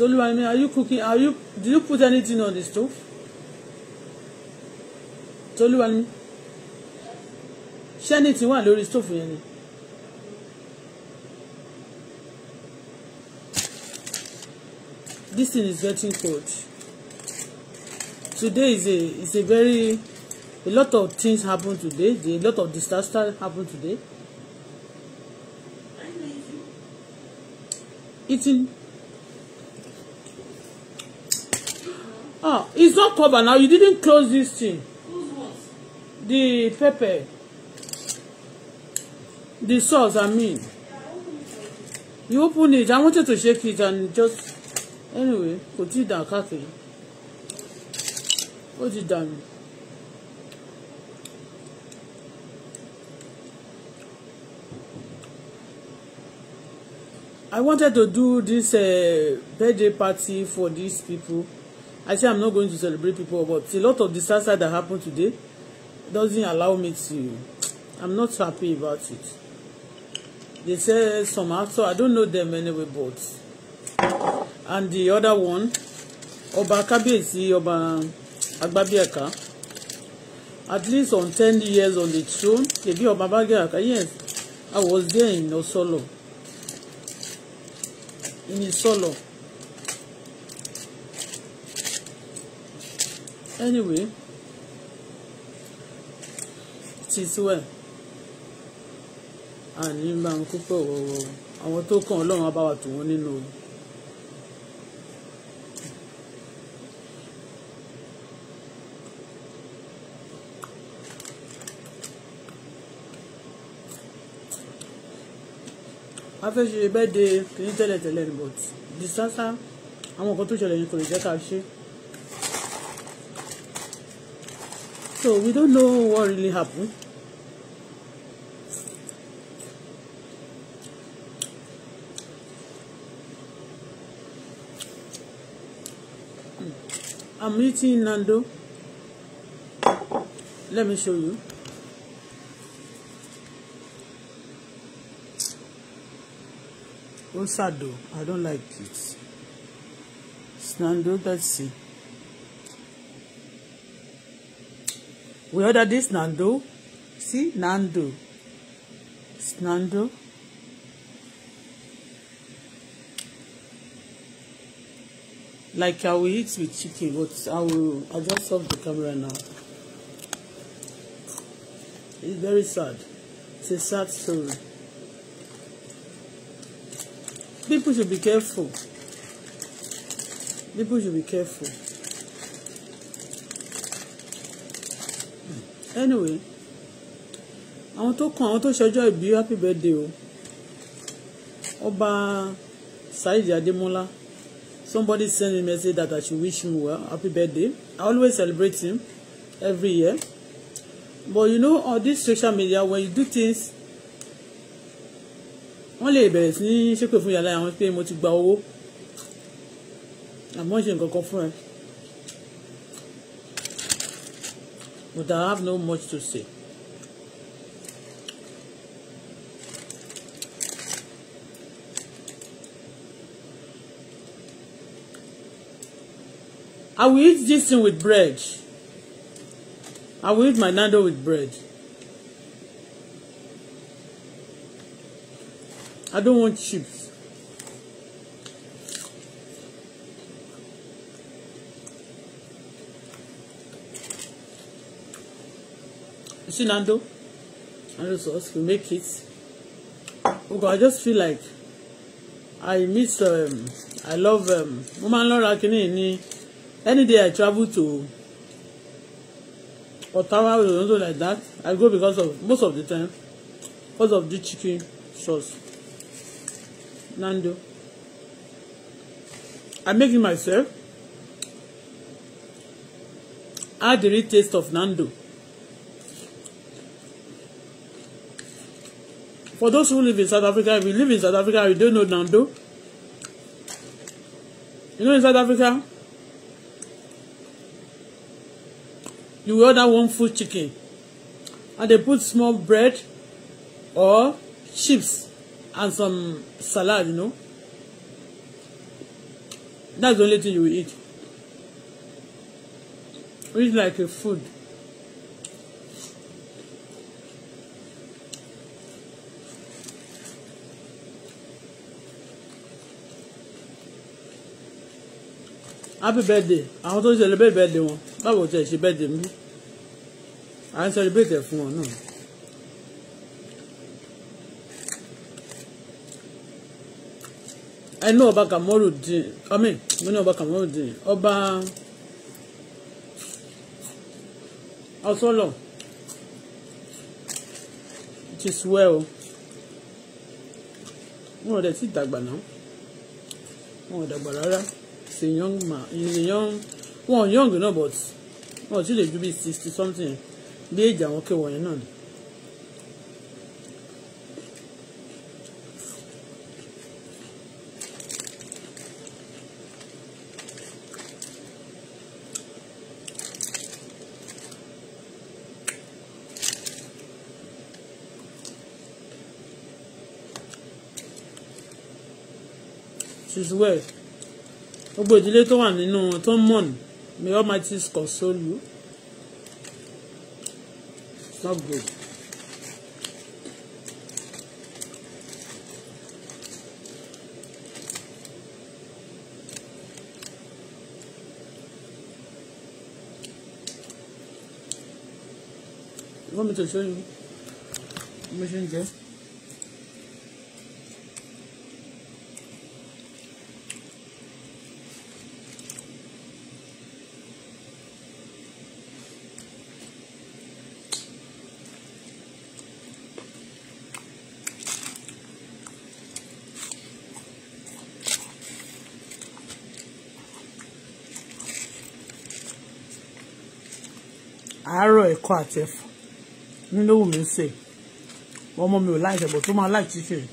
Tolu, I mean, are you cooking? Are you? Did you put anything on the stove? Tolu, I mean, ṣé anything wà the stove yẹn This thing is getting cold. Today is a is a very a lot of things happen today. A lot of disaster happen today. Eating Oh, it's not covered now. You didn't close this thing. Close what? The pepper. The sauce, I mean. you open it. I wanted to shake it and just... Anyway, kò tí ì dà káàkiri. Ó ti I wanted to do this uh, birthday party for these people. I say I'm not going to celebrate people, but a lot of disaster that happened today doesn't allow me to. I'm not happy about it. They say some actor, I don't know them anyway, but. And the other one, Oba Kabiyesi, Oba Agbabiaka, at least on 10 years on the throne, Maybe Oba Agbabiaka, yes, I was there in Osolo. In Isolo. anyway it is well àní máa ń kópọ̀ wọ̀wọ̀ àwọn tó kàn ọlọ́run á bá wa tù wọ́n nínú o. a fẹ́ ṣe bẹ́ẹ̀ de kìí tẹ́lẹ̀ tẹ́lẹ̀ but disaster àwọn nǹkan tó ṣẹlẹ̀ yìí kò lè jẹ́ ká ṣe é. So we don't know what really happened. Hmm. I'm eating Nando. Let me show you. What's that Osado, I don't like it. It's Nando, that's it. we order this nando see nando it's nando like i will eat with chicken but i will i just off the camera now it's very sad it's a sad story people should be careful people should be careful anyway àwọn tó kàn àwọn tó ṣọjọ́ ìbí happy birthday o ọba saheed adémọ́lá somebody send me message that i should wish him well happy birthday i always celebrate him every year but you know on this social media when you do things wọ́n lè bẹ̀rẹ̀ sí ní ṣépè fún yàrá àwọn pé mo ti gba owó àmọ́ ṣe nǹkan kan fún ẹ. but I have no much to say. I will eat this thing with bread. I will eat my nando with bread. I don't want chips. see Nando. I just us to make it. Okay, oh, I just feel like I miss um I love um woman Laura Kini any day I travel to Ottawa or something like that, I go because of most of the time because of the chicken sauce. Nando. I make it myself. Add the real taste of Nando. For those who live in South Africa, if you live in South Africa, you don't know Nando. You know in South Africa, you order one full chicken and they put small bread or chips and some salad, you know. That's the only thing you eat. It's like a food. happy birthday àwọn tó ń celebrate birthday wọn báwo tẹ̀ ṣe birthday mi à ń celebrate ẹ̀ fún wọn náà. I know ọba Kamorudeen ọmọ mo ní ọba Kamorudeen ọba Osolo it is well wọn ò dẹ̀ ti dàgbà náà wọn ò dàgbà rárá he's a young man he's a young one young you know, but wọn ti lè ju bíi sixty something bí èjì àwọn kéwọ̀n yẹn náà ni. She's well gbogbo ìdílé tó wà nínú wọn tó ń mọ̀ ní may Almighty console you it's not good. You want me to show you? Mo ṣe ń jẹ́. fẹ́ràn ẹ̀kọ́ àti ẹ̀fọ́ nínú òwú mi ń sè ọmọ mi ò láìsẹ̀ bọ̀ tó máa láì fèrè.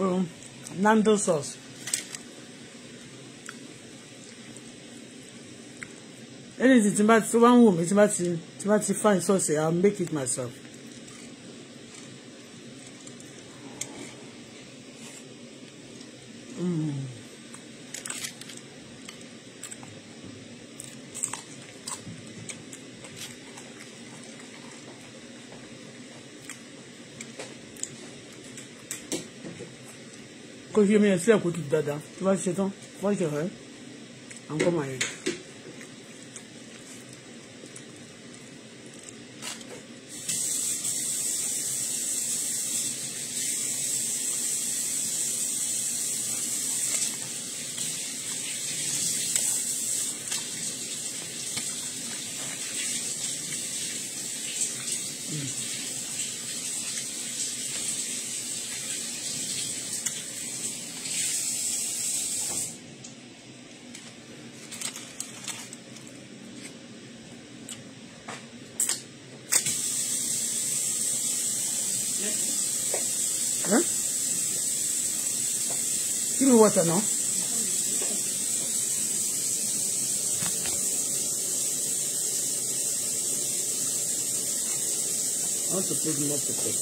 Um, Nando sauce. Anything tí bá ti wá ń wò mí tí bá ti tí wọ́n ti fine sauce I'll make it myself. Mm. kó ṣe mí ẹ sí ẹ̀kọ́ tó dáadáa tó bá ṣe tán wọ́n ṣe rẹ̀ à ń kọ́ màá Huh? Give me water now. I want to put more pepper.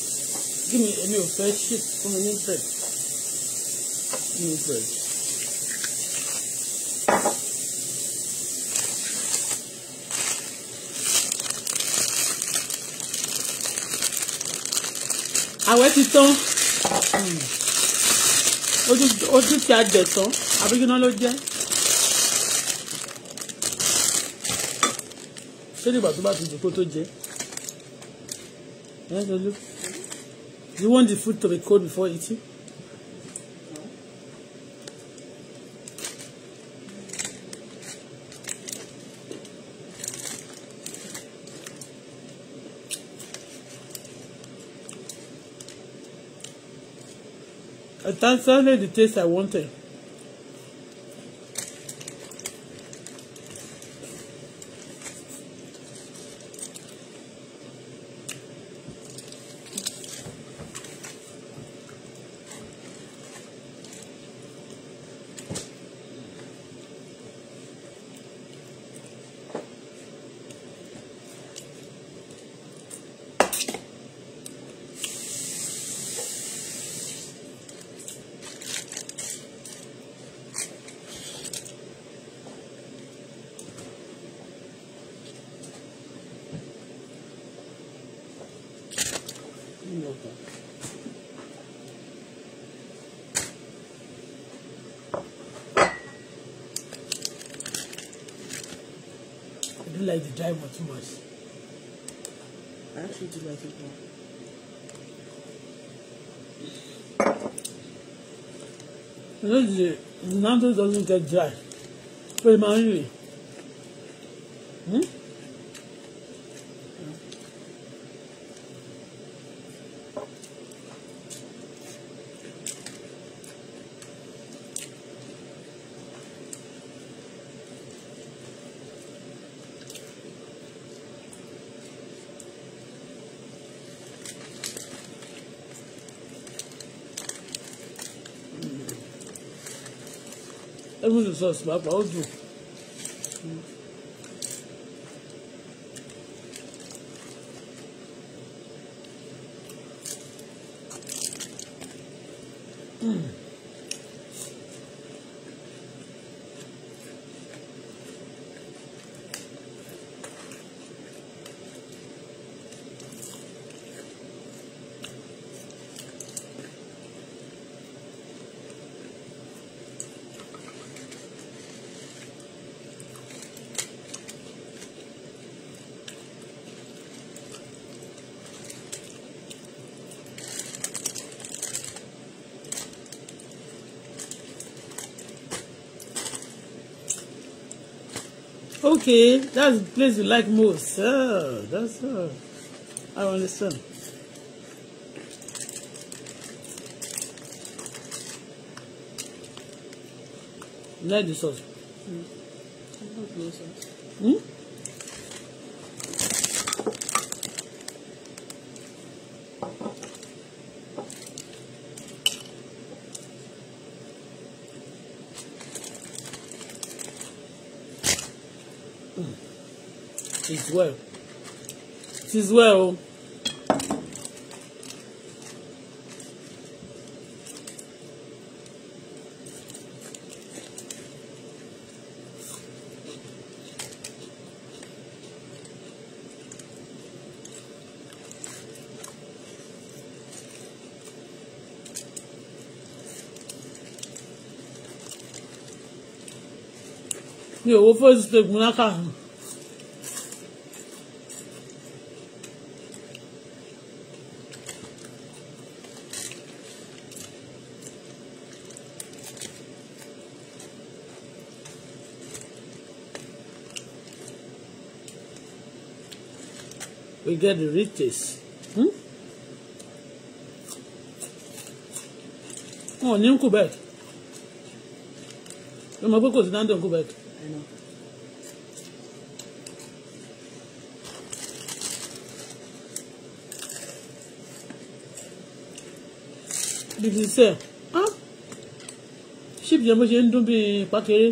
Give me a little fresh shit from an infant. Give me fresh. àwẹ̀ ti tán ojú ti àjẹ̀ tán àbíkí náà ló jẹ́. ṣé nígbà tó bá ti dùn kó tó jẹ ẹ lọlọ you want the food to be cold before eating. Samson made the taste I wanted. like the diamond too much. I actually do like it more. You know, the, the doesn't get dry. But it ẹ̀rù sọ̀sì pàápàá ó dùn. okay, that's the place you like most. Oh, that's all. I understand. Like the sauce. Mm. sauce. Hmm? It's well. It is well. mi ò wo first step will get the rich taste. Hmm? wọn ò ní ń kú bẹ́ẹ̀ ló mọ pé kò sí dáńdé ń kú bẹ́ẹ̀. bìbì sẹ́ẹ̀ ṣíìpù yẹn bó ṣe ń dún bíi pákéré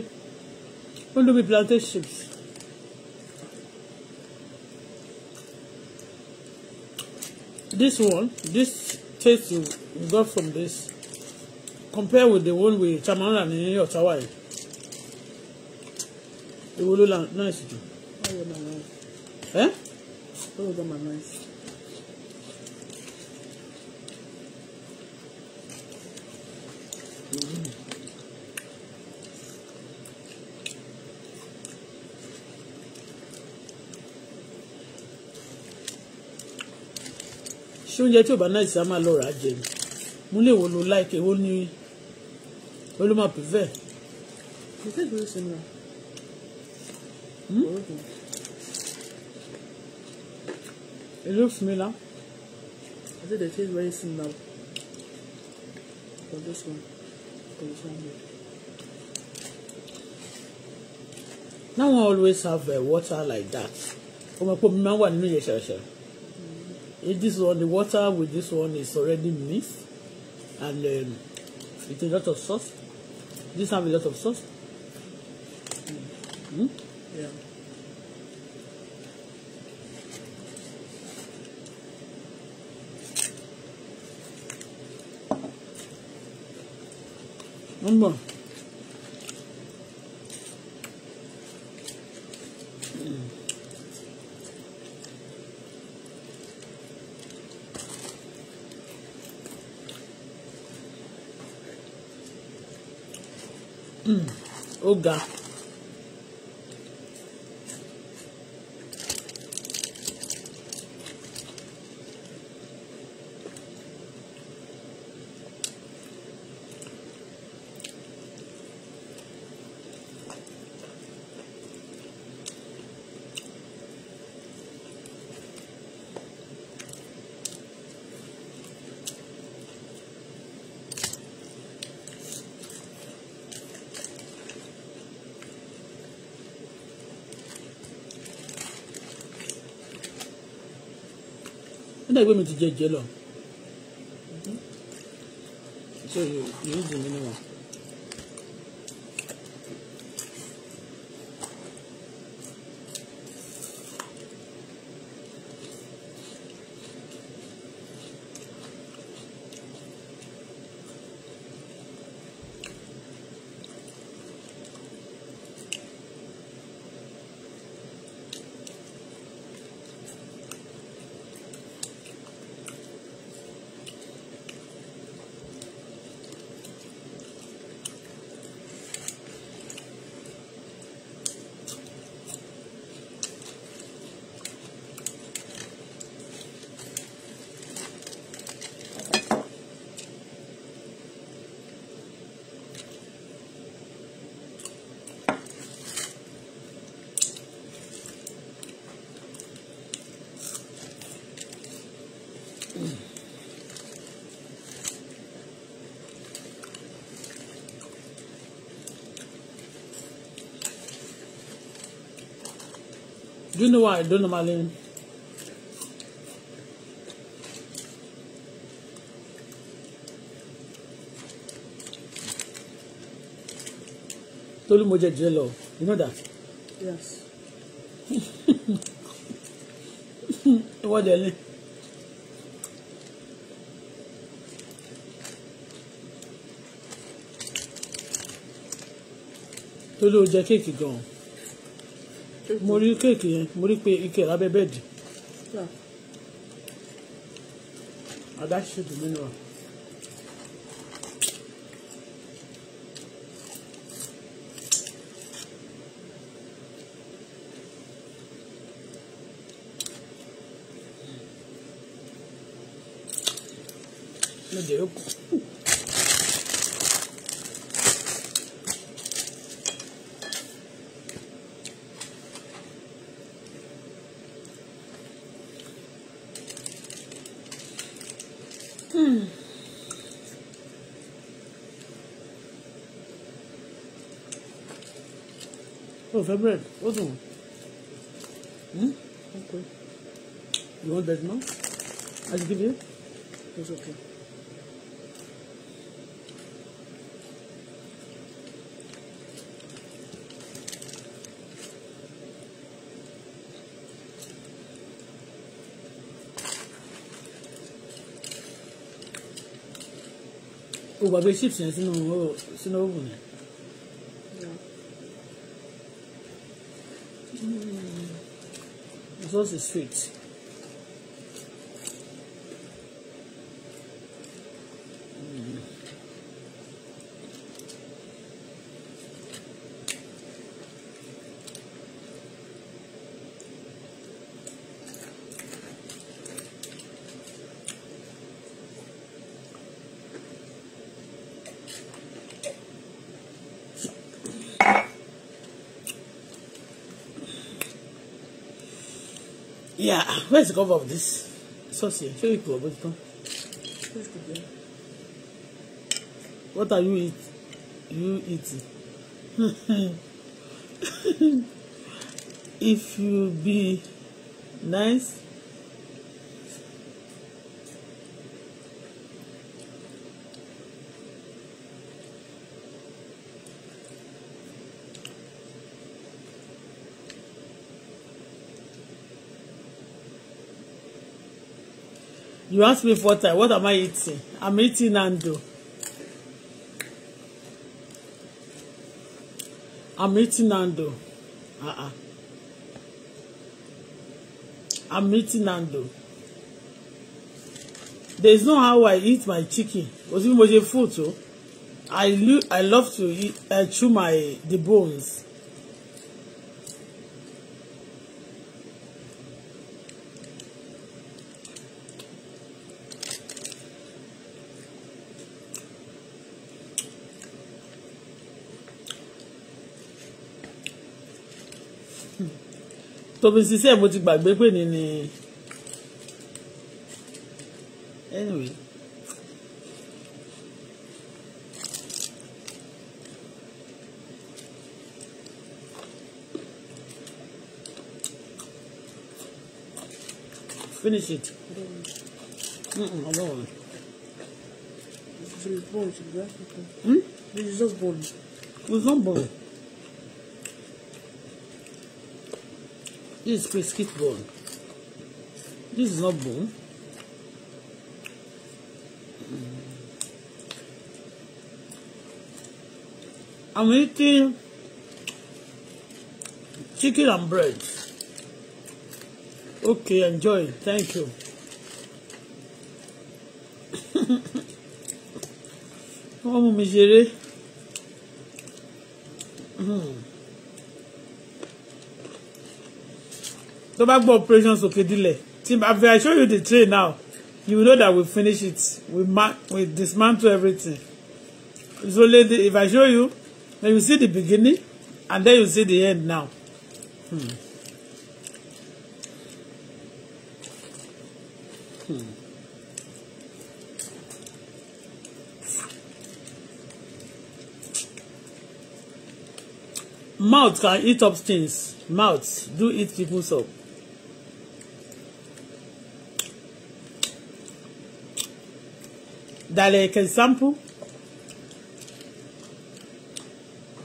ó this one, this taste you got from this, compare with the one with Chamara ní Ọ̀tá It will look nice to you. Oh, yeah, my nice. Eh? Oh, yeah, my nice. oúnjẹ tí ò bá náà sì máa lọ rà á jẹ mo lè wo lo láìkè ó ní ó ló máa prefer. similar. Hmm? It looks similar. I think they taste very similar for this one. For this one here. Now I always have uh, water like that. Oh my god, my one million share share this one the water with this one is already mixed and um, it's a lot of sauce this have a lot of sauce mm. Mm? yeah Number. Mm -hmm. ó ga. nígbà ìgbé mi ti jẹ jẹ lọ so you use the minimum. Do you know why I don't normally? Tolu mo jẹ jẹlọ, you know that? Yes. What the hell? Tolu jẹ kéèkì gan-an mo rí kéèkì yẹn mo rí pé ike lábẹ́ bẹ́ẹ̀dì adáṣe dùn mí nìyẹn. Meu Deus. fẹ́ bread ó dùn wọ́n. Hmm? okay you want that now I should give you it's okay. o gbàgbé chips yẹn sínú sínú oven yẹn. Those streets. yeah where's the cover of this sauce here show you to ọgbẹ tán what are you eat you eating if you be nice You ask me for time. What am I eating? I'm eating Nando. I'm eating Nando. Uh-uh. I'm eating Nando. There's no how I eat my chicken. Osimboje food too. I I love to eat uh, chew my the bones. tóbi ṣiṣẹ́ mo ti gbàgbé pé ní ni anyway. Finish it. Mm-mm, alone. It's just bone. Hmm? It's just bone. It's not bone. This is biscuit bone. This is not bone. I'm eating chicken and bread. Okay, enjoy. Thank you. Wọ́n mú mi ṣeré. Mm. tó bá gbọ́ operation sókè dílẹ̀ tí if I show you the tray now you know that we finish it we ma we dismantle everything so lady if I show you then you see the beginning and then you see the end now. Hmm. Hmm. mouth can eat up things mouth do eat people up that like example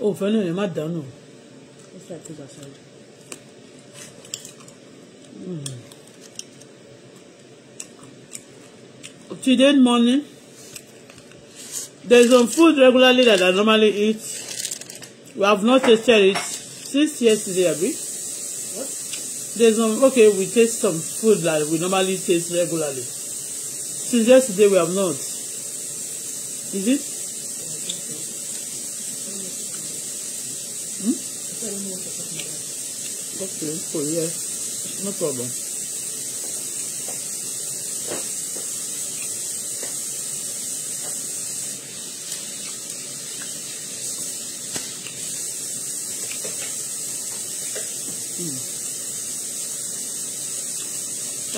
Oh, fẹ́ náà yẹn má dànù. Today morning, there's some food regularly that I normally eat. We have not tasted it since yesterday, abi? What? There's some, okay, we taste some food that we normally taste regularly. Since yesterday, we have not. Is it? Hmm? Okay, cool, yes. No problem. Hmm.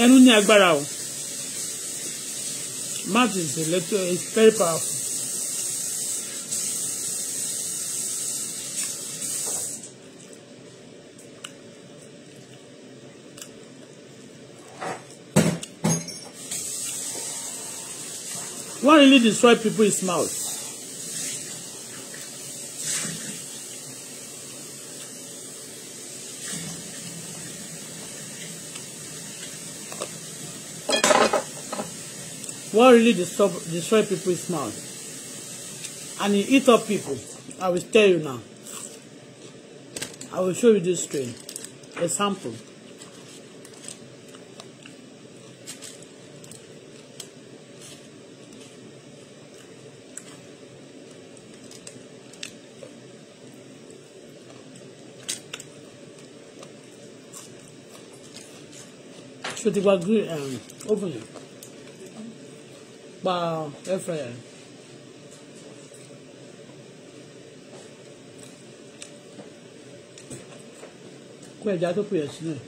ẹnu ní agbára o mouth is electro is very powerful. What really destroy people is mouth. What really destroy, destroy people is mouth. And you eat up people. I will tell you now. I will show you this screen. Example. ṣe ti gba green um, oven pa air fryer. kó ẹja tó pè é sílẹ̀.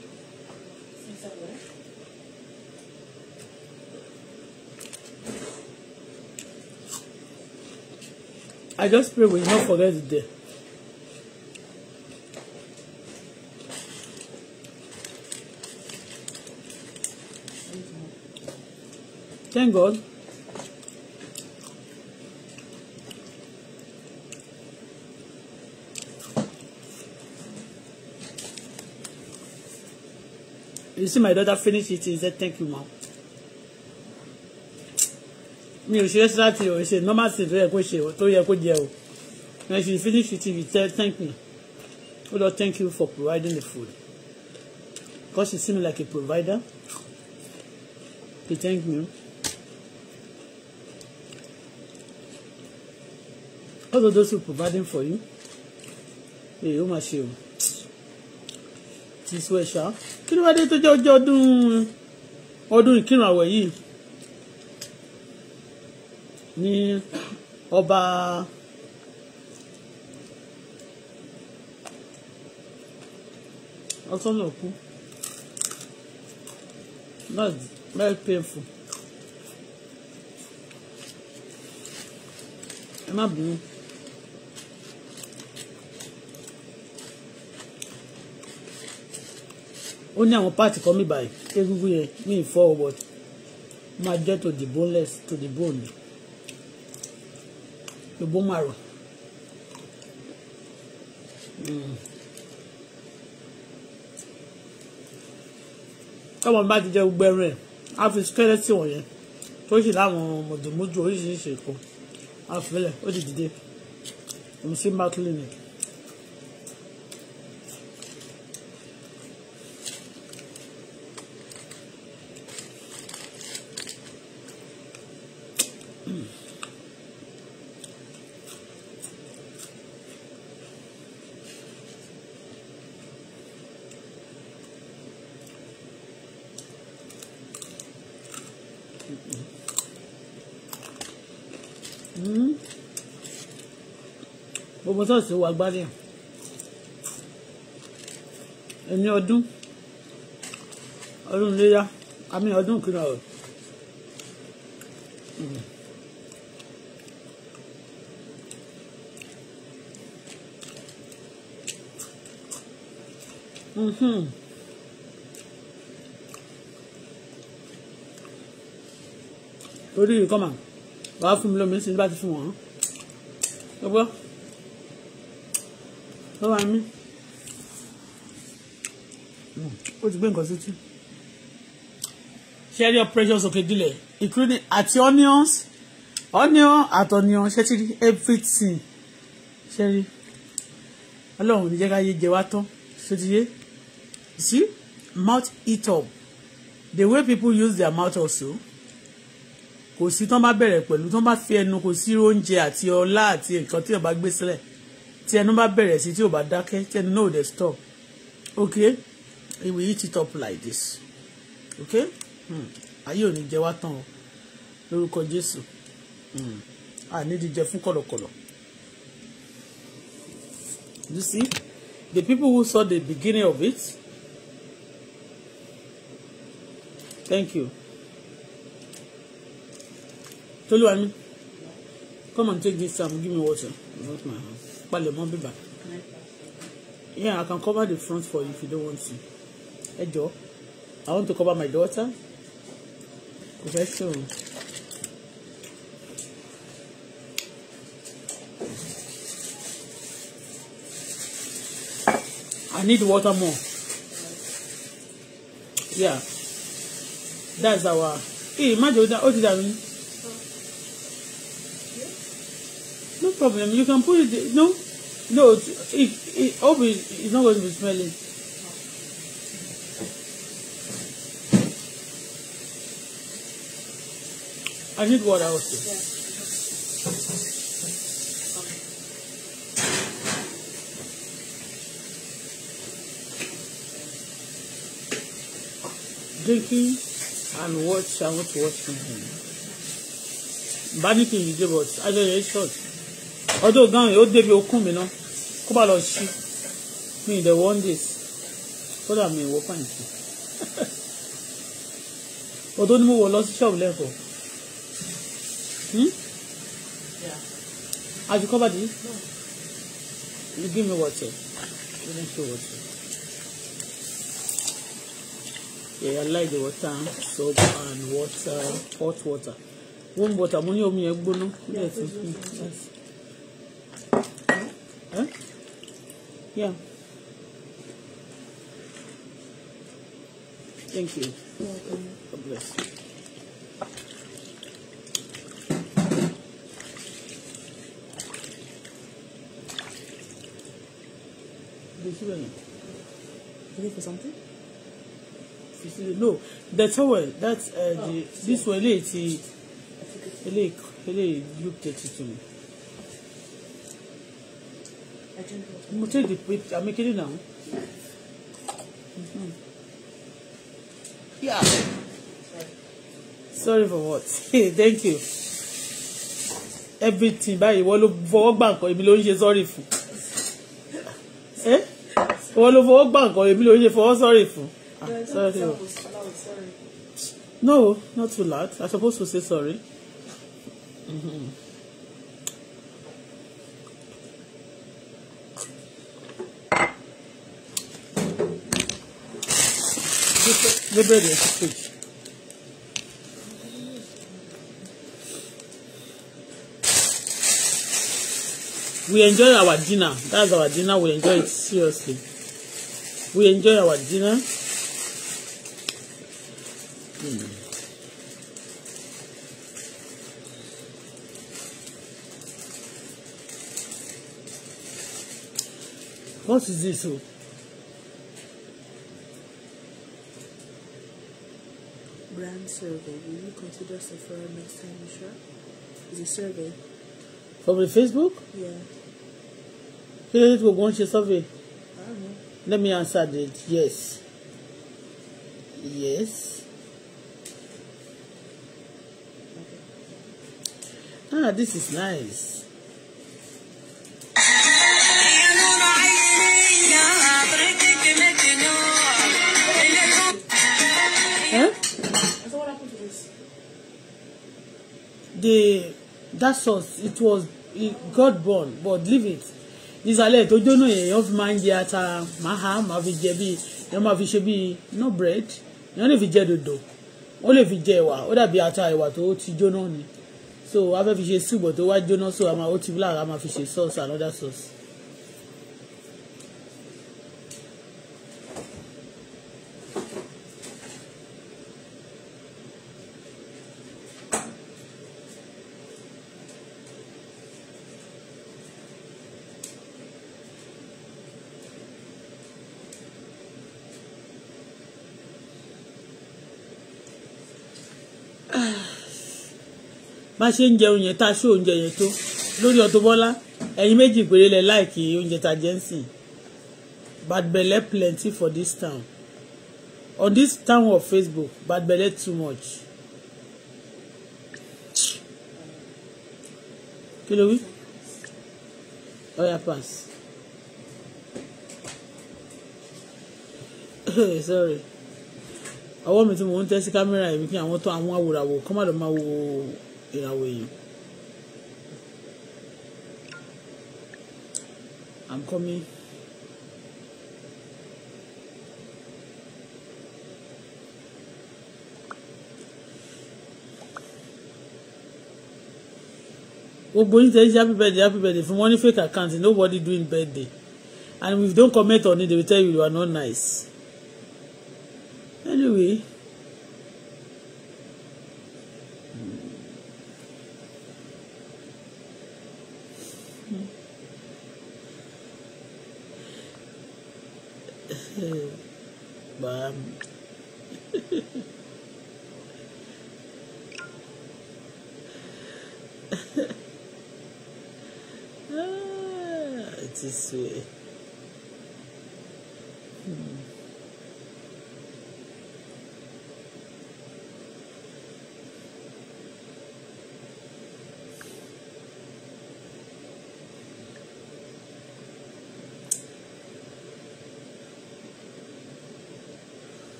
I just pray we will not forget the day. Thank God. You see my daughter finished it and said, thank you, mom. Me, she just láti ò ṣe normal thing tó yẹ kó ṣe tó yẹ kó jẹ o. And she finished it she said, thank me. Oh Lord, thank you for providing the food. Because she seemed like a provider. He thanked me. all of those who providing for you èyí ó máa this way, ti sọ ẹ̀ṣá kí ló wá dé tó jẹ́ ọjọ́ ọdún ọdún ìkírun àwẹ̀ yìí Oba, also no kú that's very painful ẹ má blue? ó ní àwọn páàtì kan mi báyìí egungun yẹn mi ì fọ́ ọwọ́ máa jẹ́ to the boneless to the bone gbogbo máa rọ̀ tọ́mọ bá ti jẹ gbogbo ẹran ẹ̀ á fi skẹ́lẹ́tì wọ̀nyẹn tó sì láwọn mọ̀dùmọ́dù oríṣiríṣi kan á fi lẹ̀ ó sì dìde òun sí mákìlínì. sọ̀sì wà gbálẹ̀ ẹni ọdún ọdún léyà àmì ọdún kìnnà ọ̀rọ̀ Mm-hmm. torí nǹkan mà wàá fún mi lómi sí bá ti fún wọn. ọgbọ́n lọ́wọ́ mi ó ti gbé nǹkan sí tí. ṣé rí precious òkè dílẹ̀ including àti onions onion àti onion ṣé ti rí everything ṣé rí ọlọ́run ní jẹ́ ká yé jẹ wá tán ṣé ti yé see mouth eat up the way people use their mouth also kò sí tán bá bẹ̀rẹ̀ pẹ̀lú tán bá fi ẹnu kò sí oúnjẹ àti ọlá àti nǹkan tí wọ́n bá gbé sílẹ̀ tí ẹnu bá bẹ̀rẹ̀ sí tí ò bá dákẹ́ tí ẹnu náà dẹ̀ stop okay we will eat it up like this okay hmm, ayé ò ní jẹ wá tán o lórúkọ Jésù ànídìí hmm, jẹ fún kọ̀lọ̀kọ̀lọ̀ you see the people who saw the beginning of it thank you Toluwani come and take this time um, give me water without my hand palẹ̀ mọ́ bíbà yeah I can cover the front for you if you don't want to ẹ I want to cover my daughter kò fẹ́ I need water more. Yeah. That's our. Hey, imagine that. What did I mean? problem. You can put it. No, no. It, it, it hope it, it's not going to be smelling. I need water also. Yeah. Drinking and watch I and watch watch. Banning you do, but I don't know it's short ọjọ́ gan yìí ó débi okùn mi náà kó bá lọ sí mi ìdẹ̀ one days kódà mi ìwọ pàǹtí ọdún ni mo wọ̀ lọ sí ṣọ́ọ̀bù lẹ́kọ̀ọ́ hmm? have you covered No. you give me water you don't show water yeah I like the water soap and water hot water warm water mo ní omi yẹn gbóná. Yeah, Huh? Yeah. Thank you. You're welcome. God bless you. Is it for something? No, the towel. That's uh, oh, the, this one. Eléyìí ti eléyìí eléyìí group thirty two mo take the picture i'm making it now. Mm-hmm. yeah. sorry for what thank you everything báyìí wọ́n ló bank or nǹkan èmi sorry for. Eh? ló for gbà nǹkan èmi ló ń ṣe sorry for. Eh? sorry ah, o oh. no not too loud i supposed to say sorry. Mm-hmm. lébèrè stage. We enjoy our dinner. That's our dinner. We enjoy it seriously. We enjoy our dinner. Hmm. What is this? Oh? African survey. Will you consider Sephora next time you shop? It's a survey. From the Facebook? Yeah. Facebook wants your survey. I know. Let me answer that. Yes. Yes. Ah, this is nice. that sauce it was it, God born but leave it ìsàlẹ̀ tó jóná yẹn yẹn fi máa ń jẹ ata máa ha máa fi jẹ bíi yẹn máa fi ṣe bíi no bread yẹn lè fi jẹ dòdò ó lè fi jẹ ẹ̀wà ó dàbí ata ẹ̀wà tó ti jóná ni so a fẹ́ fi ṣe soup tó wá jóná so a máa ó ti black a máa fi ṣe sauce another sauce. bá ṣe ń jẹ oúnjẹ tá a ṣe oúnjẹ yẹn tó lórí Auto Bola ẹ̀yin méjì péré lẹ láìkí oúnjẹ tá a jẹ ń sìn bad belle plenty for this town on this town of Facebook bad belle too much. kí ló wí ọ̀yà pass sorry ọwọ́ mi tí mò ń tẹ́ sí kámẹ́rà yìí kí àwọn tó àwọn awòràwò kọ́ má lọ máa wo ìràwọ̀ èèyàn. I'm coming. gbogbo yín tẹ́lẹ̀ happy birthday happy birthday fún money fake account nobody doing birthday and if you don comment on it they will tell you you are not nice anyway.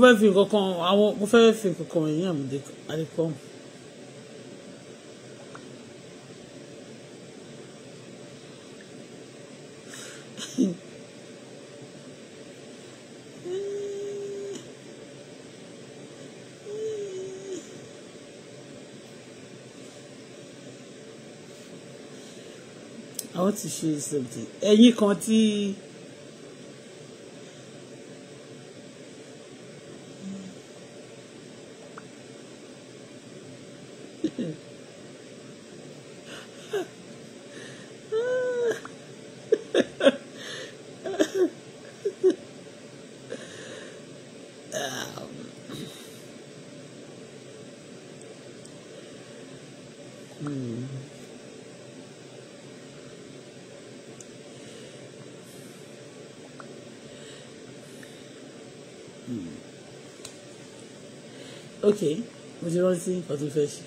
fẹ́ fi nǹkan kan àwọn mo fẹ́ fi nǹkan kan ẹ̀yìn àmì àdìpọ́n. I want to show you something ẹ̀yin kan tí. Tí... okay mo ti rántí nǹkan tó fẹ́ ṣe.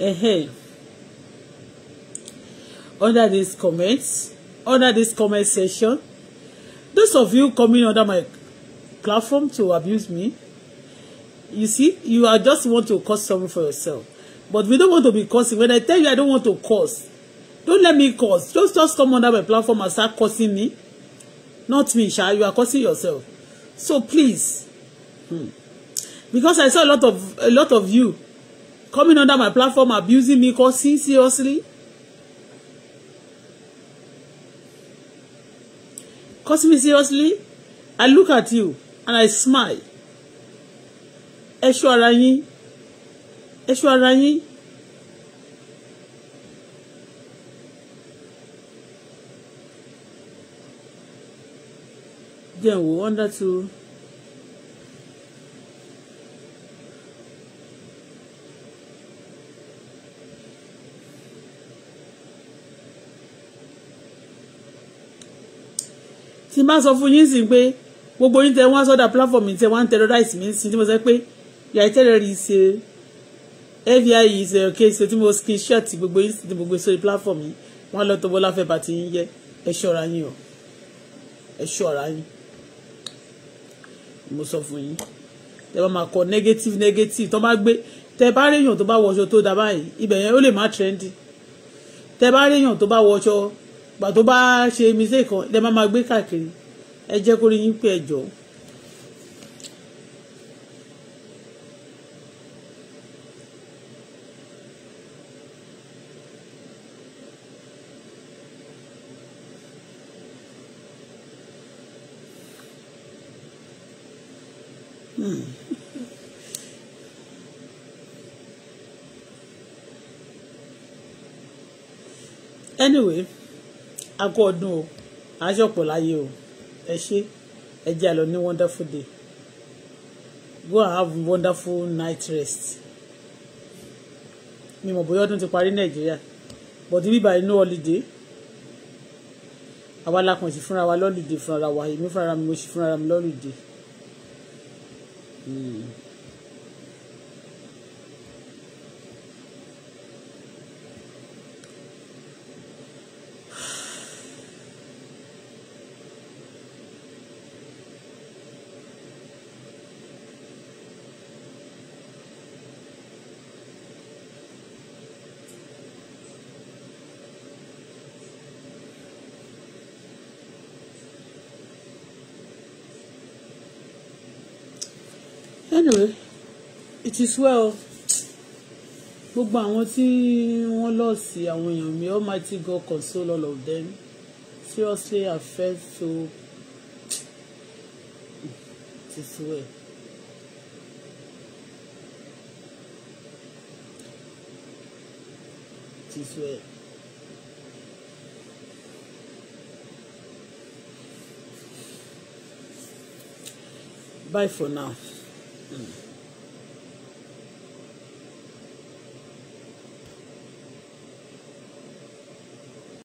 Uh-huh. Under this comments, under this comment section, those of you coming under my platform to abuse me, you see, you are just want to cause trouble for yourself. But we don't want to be causing. When I tell you I don't want to cause, don't let me cause. Just just come under my platform and start causing me. Not me, Sha. You are causing yourself. So please. Hmm. Because I saw a lot of a lot of you coming under my platform abusing me cursing seriously cursing me seriously I look at you and I smile ẹ ṣọ́ ara yín ẹ ṣọ́ we wander to tí má sọ fún yín sí pé gbogbo yín tẹ wá sọ́dà platform tẹ wá ń terrorize mi sí tí mo sọ pé yà á terrorist fbi is a case tí mo screenshot gbogbo yín sí tí mo gbé sórí platform yìí wọ́n lọ tó bọ́lá fẹ́ bàtí yín jẹ́ ẹ ṣọ́ra yín o ẹ ṣọ́ra yín mo sọ fún yín tẹ bá máa kọ negative negative tó bá gbé tẹ bá réyàn tó bá wọṣọ tó dá báyìí ibẹ̀ yẹn ó lè má trendy tẹ bá réyàn tó bá wọṣọ gbà tó bá ṣe mistake kan lẹ́ máa máa gbé káàkiri ẹ jẹ́ kó rí yín pé ẹ jọ̀ọ́. Hmm. anyway a kú ọdún o aṣọ́pọ̀ láyé o ẹ ṣe ẹ jẹ́ àlọ́ ní wonderful day go and have wonderful night rest mi mọ̀ bóyá ọdún ti parí nàìjíríà but bíbá inú holiday àwa la kàn sí fúnra wa lọ́lùdé fúnra wa èmi fúnra mi mo sì fúnra mi lọ́lùdé. Mm. anyway it is well gbogbo àwọn tí wọ́n lọ sí àwọn èèyàn mi almighty god console all of them seriously i felt so it is well. It is well. Bye for now. Mm. hmm